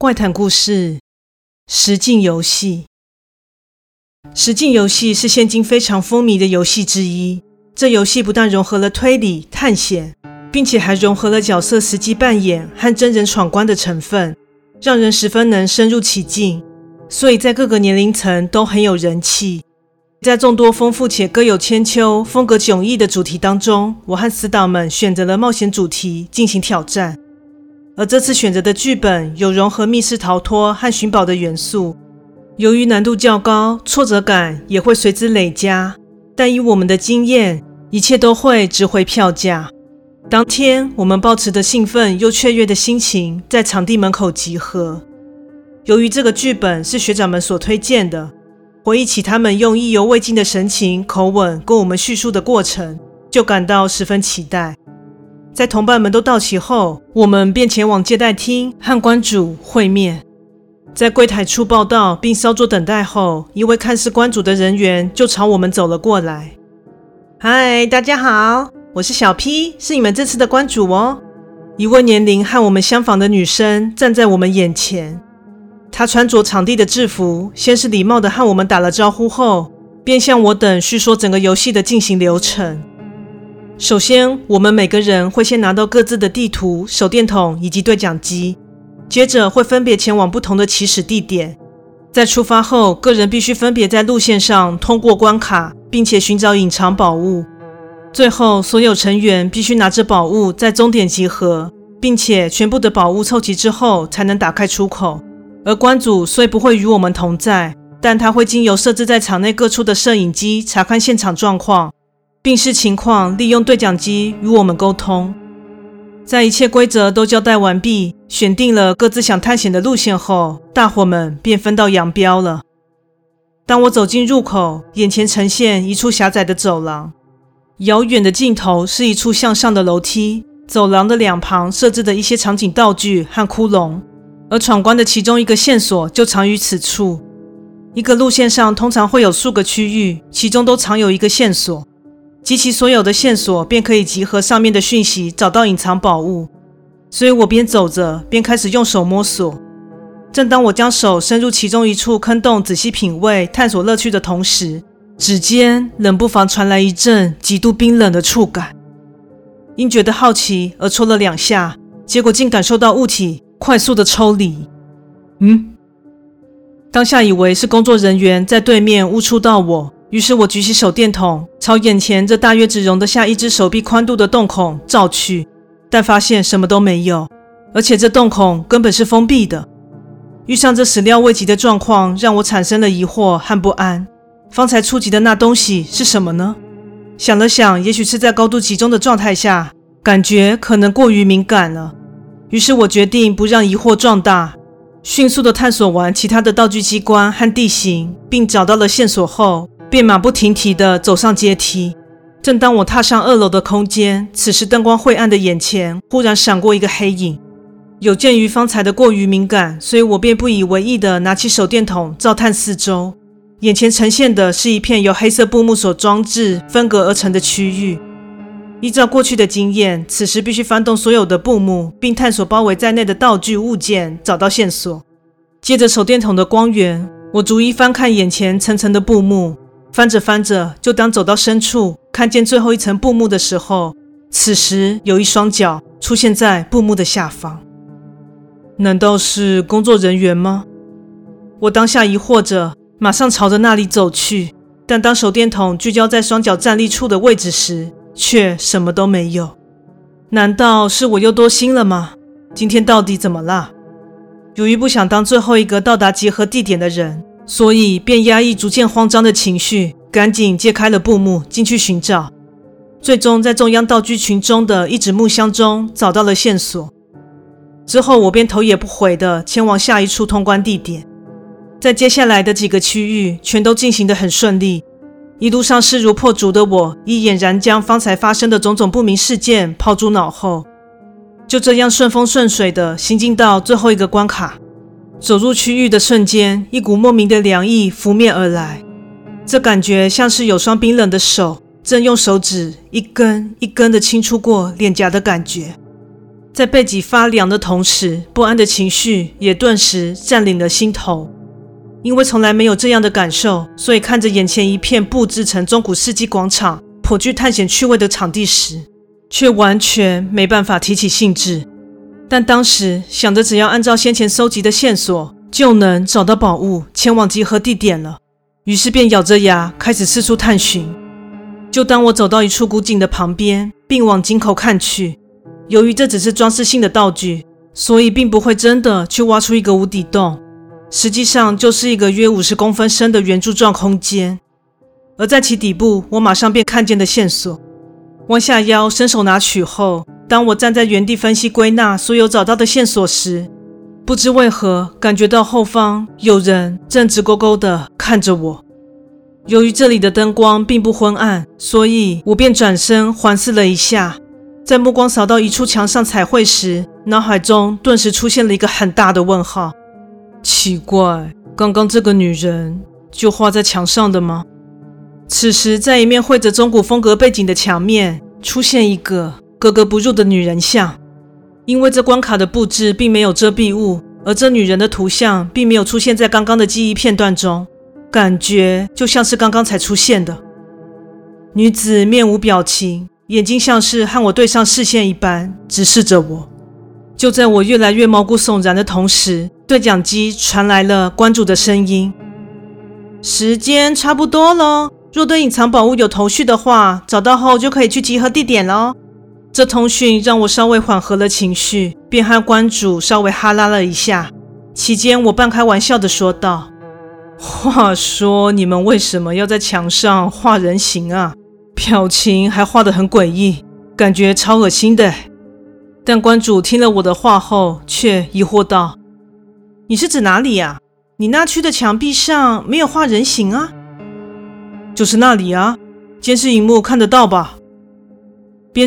怪談故事、實境遊戲。實境遊戲是現今非常風靡的遊戲之一。這遊戲不但融合了推理、探險，並且還融合了角色實際扮演和真人闖關的成分，讓人十分能深入其境，所以在各個年齡層都很有人氣。在眾多豐富且各有千秋、風格迥異的主題當中，我和死黨們選擇了冒險主題進行挑戰。而這次選擇的劇本有融合密室逃脫和尋寶的元素，由於難度較高，挫折感也會隨之累加。但以我們的經驗，一切都會值回票價。當天，我們抱持着興奮又雀躍的心情，在場地門口集合。由於這個劇本是學長們所推薦的，回憶起他們用意猶未盡的神情口吻跟我們敘述的過程，就感到十分期待。在同伴們都到齊後，我們便前往接待廳和關主會面。在櫃台處報到並稍作等待後，一位看似關主的人員就朝我們走了過來。嗨，大家好，我是小 P，是你們這次的關主哦。一位年齡和我們相仿的女生站在我們眼前，她穿着場地的制服，先是禮貌地和我們打了招呼後，便向我等敘說整個遊戲的進行流程。首先，我們每個人會先拿到各自的地圖、手電筒以及對講機，接着會分別前往不同的起始地點。在出發後，個人必須分別在路線上通過關卡，並且尋找隱藏寶物。最後，所有成員必須拿着寶物在終點集合，並且全部的寶物湊齊之後才能打開出口。而關主雖不會與我們同在，但他會經由設置在場內各處的攝影機查看現場狀況。並視情況，利用對講機與我們溝通。在一切規則都交代完畢，選定了各自想探險的路線後，大夥們便分道揚鑣了。當我走進入口，眼前呈現一處狹窄的走廊，遙遠的盡頭是一處向上的樓梯。走廊的兩旁設置的一些場景道具和窟窿，而闖關的其中一個線索就藏於此處。一個路線上通常會有數個區域，其中都藏有一個線索。集齊所有的線索，便可以集合上面的訊息，找到隱藏寶物。所以我邊走着邊開始用手摸索。正當我將手伸入其中一處坑洞，仔細品味探索樂趣的同時，指尖冷不防傳來一陣極度冰冷的觸感。因覺得好奇而戳了兩下，結果竟感受到物體快速的抽離。嗯，當下以為是工作人員在對面誤觸到我。於是我舉起手電筒，朝眼前這大約只容得下一隻手臂寬度的洞孔照去，但發現什麼都沒有，而且這洞孔根本是封閉的。遇上這始料未及的狀況，讓我產生了疑惑和不安。方才觸及的那東西是什麼呢？想了想，也許是在高度集中的狀態下，感覺可能過於敏感了。於是我決定不讓疑惑壯大，迅速地探索完其他的道具、機關和地形，並找到了線索後，便馬不停蹄地走上階梯。正當我踏上二樓的空間，此時燈光晦暗的眼前忽然閃過一個黑影。有鑑於方才的過於敏感，所以我便不以為意地拿起手電筒照探四周。眼前呈現的是一片由黑色布幕所裝置分隔而成的區域。依照過去的經驗，此時必須翻動所有的布幕，並探索包圍在內的道具物件，找到線索。借着手電筒的光源，我逐一翻看眼前層層的布幕。翻着翻着，就當走到深處，看見最後一層布幕的時候，此時有一雙腳出現在布幕的下方。難道是工作人員嗎？我當下疑惑着，馬上朝着那裡走去。但當手電筒聚焦在雙腳站立處的位置時，卻什麼都沒有。難道是我又多心了嗎？今天到底怎麼了？由於不想當最後一個到達集合地點的人。所以，便壓抑逐漸慌張的情緒，趕緊揭開了布幕，進去尋找。最終，在中央道具群中的一隻木箱中找到了線索。之後，我便頭也不回地前往下一處通關地點。在接下來的幾個區域，全都進行得很順利。一路上勢如破竹的我，已儼然將方才發生的種種不明事件拋諸腦後。就這樣順風順水地行進到最後一個關卡。走入區域的瞬間，一股莫名的涼意拂面而來，這感覺像是有雙冰冷的手正用手指一根一根地輕觸過臉頰的感覺，在背脊發涼的同時，不安的情緒也頓時佔領了心頭。因為從來沒有這樣的感受，所以看着眼前一片布置成中古世紀廣場、頗具探險趣味的場地時，卻完全沒辦法提起興致。但當時想着，只要按照先前收集的線索，就能找到寶物，前往集合地點了。於是便咬着牙開始四處探尋。就當我走到一處古井的旁邊，並往井口看去，由於這只是裝飾性的道具，所以並不會真的去挖出一個無底洞，實際上就是一個約五十公分深的圓柱狀空間。而在其底部，我馬上便看見的線索，彎下腰伸手拿取後。當我站在原地分析歸納所有找到的線索時，不知為何感覺到後方有人正直勾勾地看着我。由於這裡的燈光並不昏暗，所以我便轉身環視了一下，在目光掃到一處牆上彩繪時，腦海中頓時出現了一個很大的問號：奇怪，剛剛這個女人就畫在牆上的嗎？此時在一面繪着中古風格背景的牆面出現一個格格不入的女人像，因為這關卡的布置並沒有遮蔽物，而這女人的圖像並沒有出現在剛剛的記憶片段中，感覺就像是剛剛才出現的。女子面無表情，眼睛像是和我對上視線一般，直視着我。就在我越來越毛骨悚然的同時，對講機傳來了關主的聲音：“時間差不多了，若對隱藏寶物有頭緒的話，找到後就可以去集合地點嘍。”這通訊讓我稍微緩和了情緒，便和關主稍微哈拉了一下。期間，我半開玩笑地說道：“話說，你們為什麼要在牆上畫人形啊？表情還畫得很詭異，感覺超惡心的。”但關主聽了我的話後，卻疑惑道：“你是指哪裡呀？你那區的牆壁上沒有畫人形啊？就是那裡啊，監視熒幕看得到吧？”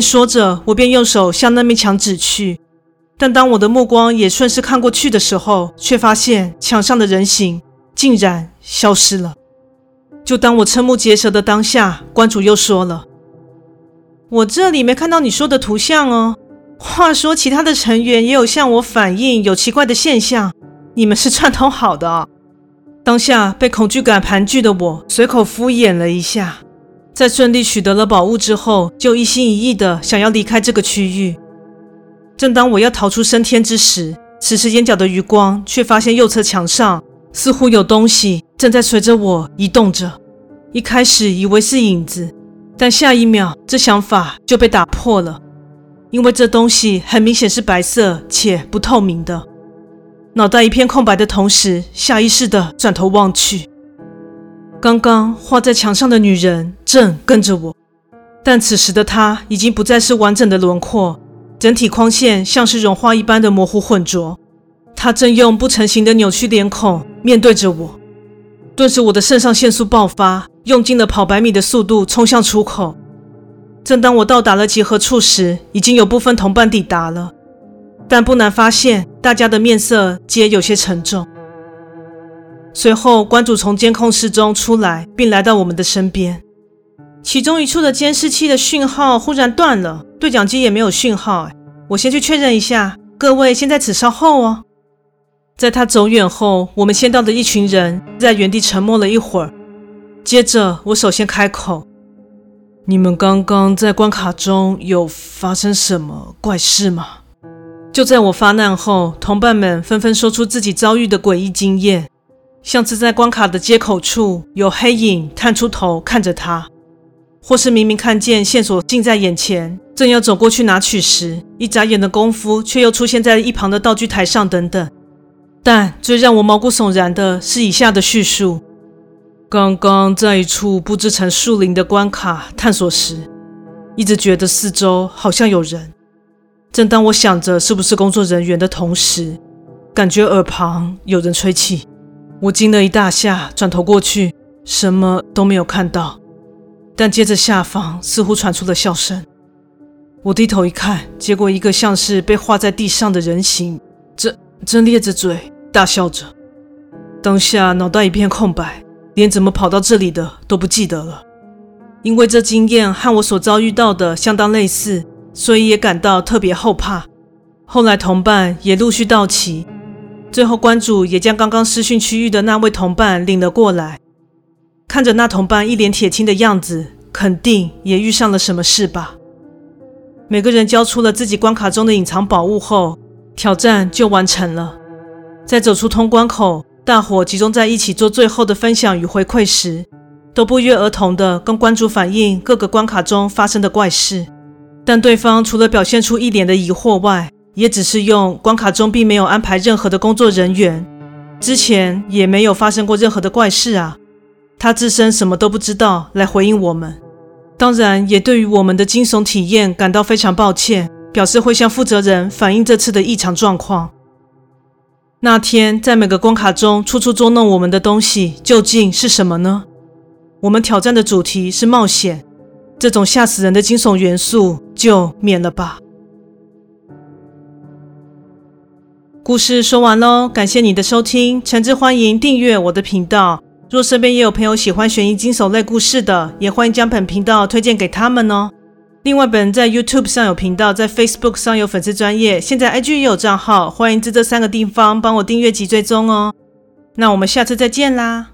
邊說着，我便用手向那面牆指去，但當我的目光也順勢看過去的時候，卻發現牆上的人形竟然消失了。就當我瞠目結舌的當下，關主又說了：“我這裡沒看到你說的圖像哦。”話說，其他的成員也有向我反映有奇怪的現象，你們是串通好的啊。當下被恐懼感盤踞的我，隨口敷衍了一下。在順利取得了寶物之後，就一心一意的想要離開這個區域。正當我要逃出生天之時，此時眼角的餘光卻發現右側牆上似乎有東西正在隨着我移動着。一開始以為是影子，但下一秒這想法就被打破了，因為這東西很明顯是白色且不透明的。腦袋一片空白的同時，下意識的轉頭望去。剛剛畫在牆上的女人正跟着我，但此時的她已經不再是完整的輪廓，整體框線像是融化一般的模糊混濁。她正用不成形的扭曲臉孔面對着我，頓時我的腎上腺素爆發，用盡了跑百米的速度衝向出口。正當我到達了集合處時，已經有部分同伴抵達了，但不難發現，大家的面色皆有些沉重。隨後，關主從監控室中出來，並來到我們的身邊。其中一處的監視器的訊號忽然斷了，對講機也沒有訊號、哎。我先去確認一下，各位先在此稍候哦。在他走遠後，我們先到的一群人在原地沉默了一會兒。接着，我首先開口：“你們剛剛在關卡中有發生什麼怪事嗎？”就在我發難後，同伴們紛紛說出自己遭遇的詭異經驗。像是在關卡的接口處有黑影探出頭看着他，或是明明看見線索近在眼前，正要走過去拿取時，一眨眼的功夫卻又出現在一旁的道具臺上等等。但最讓我毛骨悚然的是以下的敘述：剛剛在一處布置成樹林的關卡探索時，一直覺得四周好像有人。正當我想着是不是工作人員的同時，感覺耳旁有人吹氣。我驚了一大下，轉頭過去，什麼都沒有看到，但接着下方似乎傳出了笑聲。我低頭一看，結果一個像是被畫在地上的人形，正正咧着嘴大笑着。當下腦袋一片空白，連怎麼跑到這裡的都不記得了。因為這經驗和我所遭遇到的相當類似，所以也感到特別後怕。後來同伴也陸續到齊。最後，關主也將剛剛失訊區域的那位同伴領了過來，看着那同伴一臉鐵青的樣子，肯定也遇上了什麼事吧。每個人交出了自己關卡中的隱藏寶物後，挑戰就完成了。在走出通關口，大夥集中在一起做最後的分享與回饋時，都不約而同地跟關主反映各個關卡中發生的怪事，但對方除了表現出一臉的疑惑外，也只是用關卡中並沒有安排任何的工作人員，之前也沒有發生過任何的怪事啊。他自身什麼都不知道來回應我們，當然也對於我們的驚悚體驗感到非常抱歉，表示會向負責人反映這次的異常狀況。那天在每個關卡中處處捉弄我們的東西究竟是什麼呢？我們挑戰的主題是冒險，這種嚇死人的驚悚元素就免了吧。故事說完嘍，感謝你的收聽，誠摯歡迎訂閱我的頻道。若身邊也有朋友喜歡懸疑驚悚類故事的，也歡迎將本頻道推薦給他們哦。另外，本人在 YouTube 上有頻道，在 Facebook 上有粉絲專頁，現在 IG 也有賬號，歡迎在這，這三個地方幫我訂閱及追蹤哦。那我們下次再見啦。